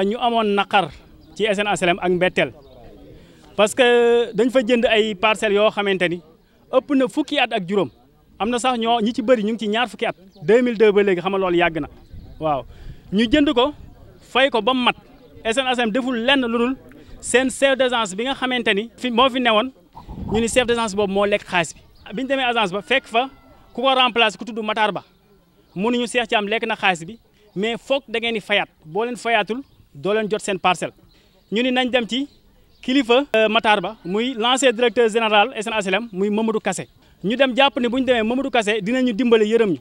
ñu amoon naqar ci SN HLM ak mbetteel parce que dañ fa jënd ay parcelles yoo xamante ni ëpp na fukki at ak juróom am na sax ñoo ñi ci bëri ñu ngi ci ñaar fukki at 2002 ba léegi xam nga loolu yàgg na waaw ñu jënd ko fay ko ba mu mat SN deful lenn lu dul seen de d'agence bi nga xamante ni fi moo fi newoon ñu ni chef d'agence boobu moo lekk xaas bi bi ñu demee agence ba fekk fa ku ko remplacer ku tudd Matar Ba mun mënuñu seex Thiam lekk na xaalis bi mais foog da di fayaat fayaatul doo leen jot seen parcelle ñu ni nañ dem ci kilifa euh, Matar Ba muy l'ancien directeur général SNHLM muy Mamadou Kassé ñu dem jàpp ne bu ñu demee Mamadou Kassé dinañu dimbale yërëm ñu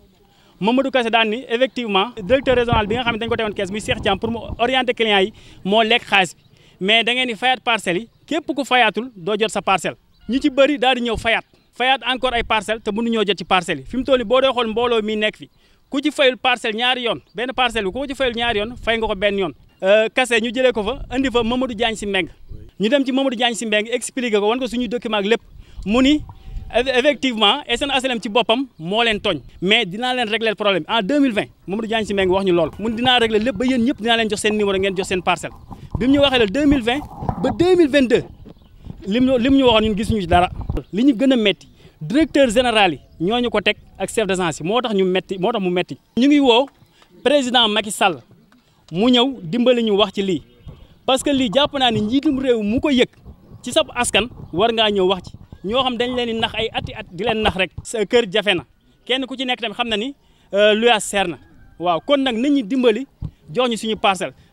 Mamadou kase daan ni effectivement directeur régional bi nga xam ne dañu ko teewoon kees muy Cheikh Thiam pour mu orienter clients yi moo lekk xaalis bi mais da ngeen di fayat parcelles yi képp ku fayaatul doo jot sa parcel ñu ci bëri daal di ñëw fayaat fayaat encore ay parcelles te mënuñoo jot ci parcelles yi fi mu toll nii boo dee xool mbooloo mi nekk fi yoon benn parcelle bi ku ci fay nga ko benn yoon Euh, kase ñu jëlee ko fa indi fa Mamadou Diagne si Mbeng ñu dem ci Mamadou Diagne si Mbeng expliqué ko wan ko suñu document ak lépp mu ni effectivement SNHLM ci boppam moo leen tooñ mais dinaa leen régler problème en 2020 Mamadou Diagne si Mbeng wax ñu loolu mun dinaa régler lépp ba yéen ñëpp dinaa leen jox seen numéro ngeen jox seen parcelle bi mu ñu waxee la 2020 ba 2022 lim li mu ñu waxoon ñun gisuñu ci dara li ñu gën a metti directeur général yi ñu ko teg ak chef d'agence yi moo tax ñu metti moo tax mu metti ñu ngi woo président Macky Sall mu ñëw dimbali ñu wax ci lii parce que lii jàpp naa ni njiitum réew mu ko yëg ci sab askan war ngaa ñëw wax ci ñoo xam dañ leen di nax ay ati at di leen nax rek. sa kër jafe na kenn ku ci nekk tamit xam na ni euh, luyaas seer na waaw kon nag nañu dimbali jox ñu suñu parcelle.